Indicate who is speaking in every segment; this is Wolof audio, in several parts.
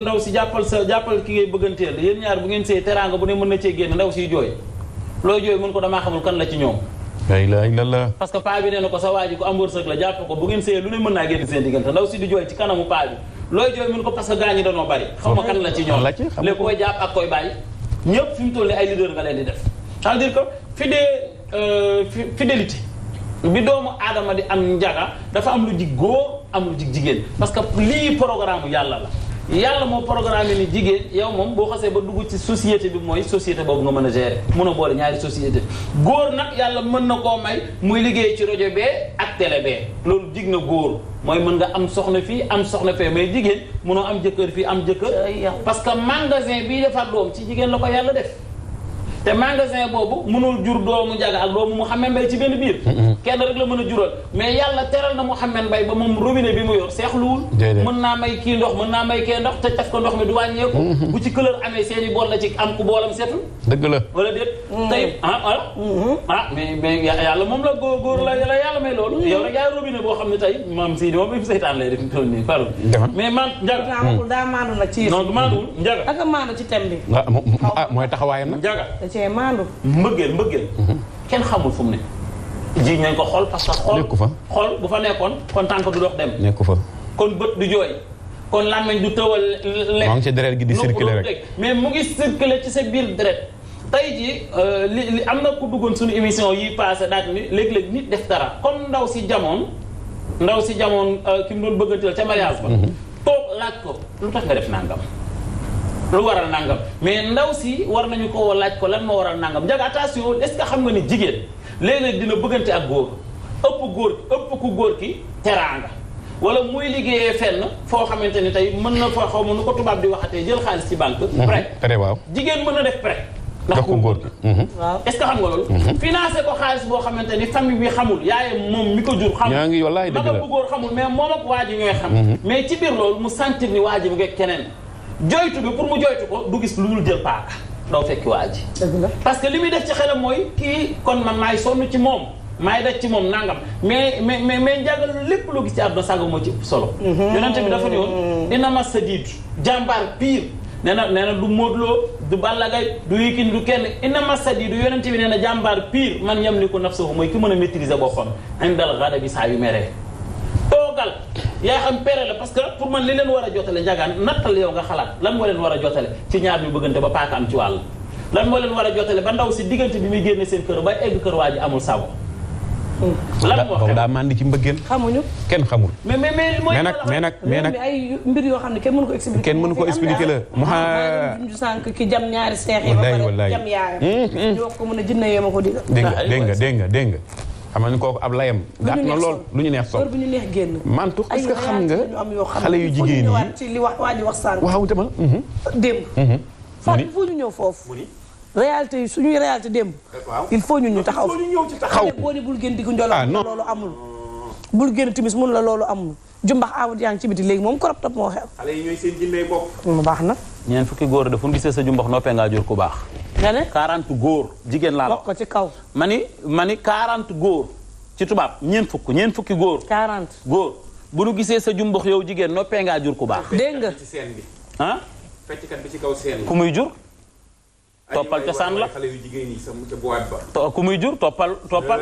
Speaker 1: ndaw si jàppal sa jàppal ki ngay bëgganteel yéen ñaar bu ngeen see teraanga bu ne mën na cee génn ndaw siy jooy looy jooy mën ko damaa xamul kan la ci ñoom
Speaker 2: la ilaha
Speaker 1: parce que paa bi nee na ko waa ji ko am ko bu ngeen see lu ne mën naa génn seen diggante ndaw si di jooy ci kanamu paa bi looy jooy mën ko parce que gaañ ñi danoo bari xaw ma kan la ci ñoom léegi koy jàpp ak koy bàyyi ñëpp fi mu toll ay leader nga leen di def ça veut dire que fidé euh, bi doomu aadama di am njaga dafa am lu jig góor am lu jig jigéen parce que lii programme yàlla la yàlla moo programme ni jigéen yow moom boo xasee ba dugg ci société bi mooy société boobu nga mën a gérer mën a boole ñaari société góor nag yàlla mën na koo may muy liggéey ci rajo bee ak télé bee loolu jig na góor mooy mën nga am soxna fii am soxna fee mais jigéen mënoo am jëkkër fii am jëkkër parce que magasin bii defar doom ci jigéen la ko yàlla def te magasin boobu mënul jur doomu Ndiaga ak doomu Mouhamed Mbaye ci benn biir. kenn rek la mën a jural mais yàlla teral na Mouhamed Mbaye ba moom robinet bi mu yor seexluwul. mën naa may kii ndox mën naa may kee ndox te taf ko ndox mi du wàññeeku. Mm-hmm. bu ci këlër amee seen i la am ku boolam setul.
Speaker 2: dëgg la wala
Speaker 1: déet. Mm-hmm. tey ah voilà. Ah. Mm-hmm. ah mais mais yàlla moom la góor la yàlla may loolu. yow rek yaay boo xam ne tey maam sii moom ibi seytaan lay def ñu toll mais man Ndiaga. daa maandu daa maandu na ci. non du maanduwul Ndiaga. ak ah, ah, mooy taxawaayam nag Ndiaga cee maandu. mbëggeel mbëggeel. kenn xamul fu mu ne. ji nañ ko xool parce que xool nekku fa xool bu fa nekkoon kon tànk du dox dem. nekku fa kon bët du jooy. kon làmmiñ du tëwal lekk. maa ngi ci deret gi di circuler rek mais mu ngi circuler ci sa biir deret. tey jii euh, li am na ku duggoon suñu émission yi passé daal ni léeg-léeg nit def dara kon ndaw si jamoon ndaw si jamoon euh, ki mu doon bëggantil ca mariage ba. Mm-hmm. toog lu tax nga def nangam. lu waral nangam mais ndaw si war nañu ko laaj ko lan moo waral nangam njaga attention est-ce que xam nga ni jigéen léeg-léeg dina bëggante ak góor ëpp góor ëpp ku góor ki teraanga wala muy liggéeyee fenn foo xamante ni tey mën na fa xaw ma nu ko tubaab di waxatee jël xaalis ci banque. Mhm. prêt prêt waaw jigéen mën na def prêt.
Speaker 2: ndax ko góor gi
Speaker 1: mhm. waaw est-ce que xam nga loolu. Mhm. financé ko xaalis boo xamante ni famille bi xamul yaayam moom mi ko jur. xamul ñaa ngi wallaay la bu góor xamul mais moom ak waa ji mais ci biir mu sentir ni waa ji mu keneen. joytu bi pour mu joytu ko du gis lu dul jël paaka doo fekki waa ji parce que li muy def ci xelam mooy kii kon man maay sonn ci moom maay daj ci moom nangam mais mais mais mais njàngal lépp loo gis ci àdduna saaga moo ci ëpp solo mm-hmm. yonente bi dafa ne woon dina mas sa diidu jàmbaar pire nee na nee na du Modou Lo du Balla Gaye du Yékini du kenn inna masadi du yonente bi nee na jàmbaar pire man yam ni ko nafsahu mooy ki mën a maîtriser boppam indal gadabi saa yu meree yaa xam pere la parce que pour man li leen war a jotale njagaan nattal yow nga xalaat lan moo leen war a jotale ci ñaar ñu ba paaka am wàll lan moo leen war a jotale ba ndaw si diggante bi muy génne seen kër ba egg kër waa ji amul sago lan moo xam daa màndi ci mbëggeel xamuñu kenn xamul mais mais mais nag mais nag mais nag ay mbir yoo xam ne kenn mënu ko expliquer kenn mënu ko expliquer la mu sànq ki jam ñaari seex yi ba pare jam yaayam hmm, hmm. ñoo ko mën a jëndee ma ko digal dégg nga dégg dégg nga xam nga ni kooku ab layam. gàtt na lool lu ñu neex sol bu ñu neex génn. Mantoux est-ce que xam nga xale jigéen ñi ci li wax waa ji wax sànq. waaw demal. Uh-huh. démb. Uh-huh. fan fu ñu ñëw foofu. réalité yi suñuy réalité démb. il faut ñun ñu taxaw. xaw boo ne bul génn diggu njol ah, loolu amul. bul génn timis mun la loolu amul. jumbax awut yaa ngi ci biti léegi moom korop top moo xew.
Speaker 2: xale yi ñooy seen jimbey mu baax na.
Speaker 1: ñeent fukki góor de fu mu gisee sa jumbax noppee ngaa jur ku baax nga ne góor jigéen laa la ko ci kaw. ma ni ma ni 40 góor ci tubaab ñeent fukk ñeent fukki góor. 40 góor bu nu gisee sa jumbox yow jigéen noppee ngaa jur ku baax. dégg nga ah. fecckat bi ci kaw seen ku muy jur. toppal cosaan la xale yu jigéen yi sama ca boîte ba ku muy jur toppal toppal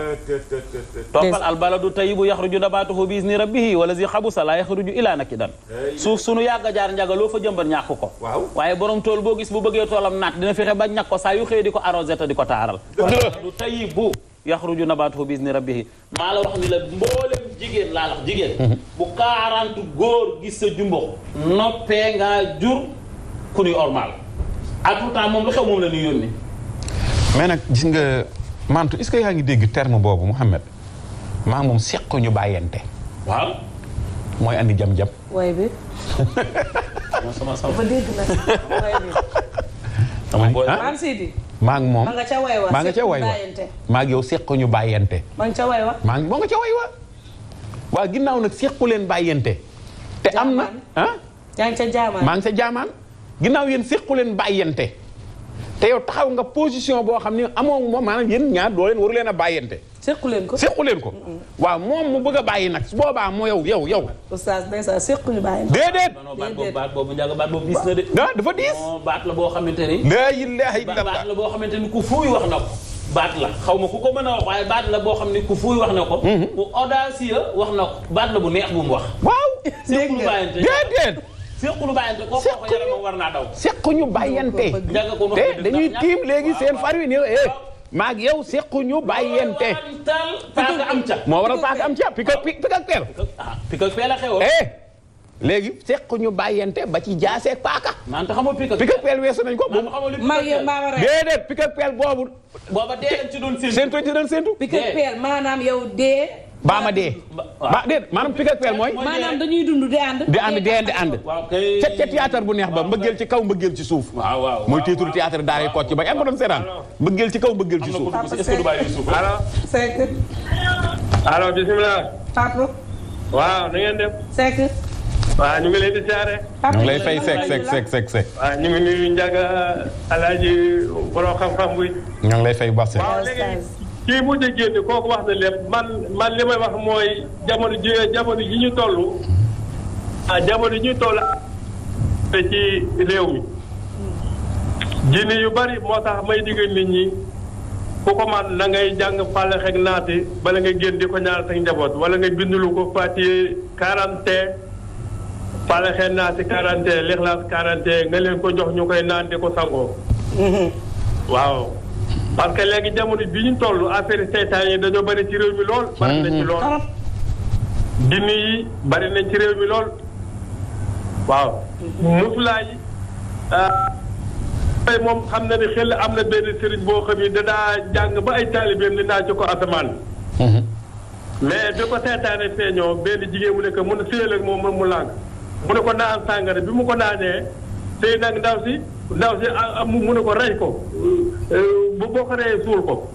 Speaker 1: toppal albaladu tayyibu yaxruju nabaatuhu bi izni rabbihi wala zi xabusa laa yaxruju ilaa nakidan suuf sunu yàgg a jaar njaga loo fa jëmbat ñàkk ko waaye borom tool boo gis bu bëggee toolam naat dina fexe ba ñàkk ko saa yu xëy di ko arrosé te di ko taaral albaladu tayyibu yaxruju nabaatuhu bi izni rabbihi maa la wax ni la mboolem jigéen laa wax jigéen bu 40 góor gis sa jumbo noppee ngaa jur ku ñuy ormal ak ah, pourtant moom lu xew moom la ñuy yónni. mais nag gis nga mantu est-ce que yaa ngi dégg terme boobu Mouhamed maa moom seq ñu bàyyante. waaw. mooy andi jam-jam. waay bi. sama sama dégg na maa ngi moom maa nga ca waywa maa nga ca waywa maa ngi yow seq ñu bàyyante. maa ngi ca waywa maa ngi moo nga ca waywa. waa ginnaaw nag sequ leen bàyyante. te am na ah. yaa ngi ca jaamaan maa ngi ca jaamaan. ginnaaw yéen séqu leen bàyyante te yow taxaw nga position boo xam ne amoo moom maanaam yéen ñaar doo leen waru leen a bàyyante séqu leen ko séqu leen ko waaw moom mu bëgg a bàyyi nag su boobaa moo yow yow yow oustaz ndeysaan séquñu bàyyi déedéet baat boobu baat boobu njàng baat boobu diis na de ah dafa diis baat la boo xamante ni laa ilaaha yi baat la boo xamante ni ku fuuy wax na ko baat la xaw ma ku ko mën a wax waaye baat la boo xam ne ku fuuy wax na ko mm-hmm. ku audacieux wax na ko baat la bu neex bu mu wax waaw séqu bàyyante séqu ñu bàyyante koo ko naa daw. séqu ñu bàyyante. te dañuy tiim léegi seen far wi nii eh. maag yow séqu ñu bàyyante. paaka am ca. moo waral paaka am ca picc ak picc ak peel. ah picc ak peel a xewoon. Eh, léegi séqu ñu bàyyante ba ci jaaseeg paaka. maanaam taxamoo picc ak peel picc ak peel weesu nañ ko. maanaam xamoo li picc ak peel boobu. booba dee lañ ci doon séntu. peel maanaam yow dee. baa ma dee. ba déet maanaam pique ak pelle mooy. dund di ànd. di ànd di ànd di ànd. bu neex ba mbëggeel ci kaw mbëggeel ci suuf. waaw waaw mooy titre théâtre daaray Kocc ba yaa ngi ko doon mbëggeel ci kaw mbëggeel ci suuf. allo.
Speaker 2: Seck. allo bisimilah. Fatou. waaw na ngeen def. Seck. waaw ñu ngi leen di siyaare. ñu ngi lay fay Seck Seck Seck Seck ñu ngi nuyu Ndiaga Alaaji borom xam-xam ñu
Speaker 1: ngi lay fay bu baax
Speaker 2: kii bu génn kooku wax na lépp man man li may wax mooy jamono ji jamono ji ñu toll ah jamono ji ñu toll te ci réew mi jinne yu bari moo tax may digal nit ñi ku ko man na ngay jàng fàllax ak bala nga génn di ko ñaanal ak njaboot wala nga bindulu ko fàttee quarante fàllax ak naate quarante lixlaas quarante nga leen ko jox ñu koy naan di ko sangoo mm-hmm. waaw parce que léegi jamono bi ñu toll affaire seytaan yi dañoo bari ci réew mi lool. bëri na ci mhm. lool. dini yi bari nañ ci réew mi lool. waaw. musulaa yi. Ah, moom xam na ni xel am na benn sëriñ boo xam ni danaa jàng ba ay taalibeem li naa ci ko asamaan. Mhm. mais bi ko seytaane feeñoo benn jigéen mu nekk ko mun a séyal moom mu làng. mu ne ko naan sàngara bi mu ko naanee. tey nag ndaw si ndaw si ah, ah, mu ne ko rey ko. Euh, bu boo ko reyee suul ko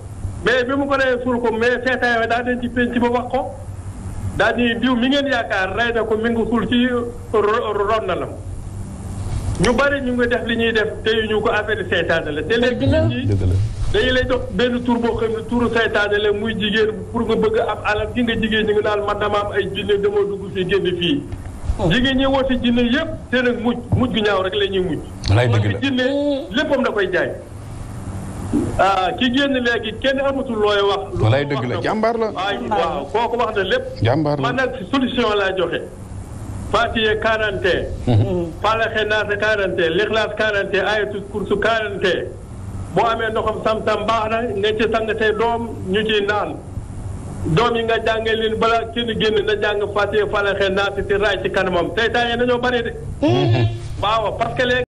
Speaker 2: mais bi mu ko reyee suul ko mais seetaan yooyu daa leen ci penc ba wax ko daa di diw mi ngeen yaakaar rey na ko mi ngi suul ci ron na la ñu bari ñu ngi def li ñuy def te ñu ko affaire seytaane la te bi ñi dañu lay jox benn tur boo xam ne turu seytaane la muy jigéen pour nga bëgg am alal gi nga jigéen ñi nga naan man dama am ay jinne dama dugg fii génn fii oh. jigéen ñi woote jinne yëpp te nag mujj mujj gu ñaaw rek la ñuy mujj jinne mm. léppam da koy jaay ah ki génn léegi kenn amatul looy wax. walaay dëgg la jàmbaar la waaw kooku wax na lépp. jàmbaar la man nag solution laa joxe. Fatiha 40. Mhm. Falaxe naasa 40 Lixlaas 40 Ayatul Kursu 40. boo amee ndoxam sam-sam baax na nga ci sang doom ñu ciy naan. doom yi nga jàngee leen balaa kenn génn na jàng Fatiha Falaxe naasa ci raay ci kanamam tey taa nañoo dañoo bari de. Mhm. waaw parce que léegi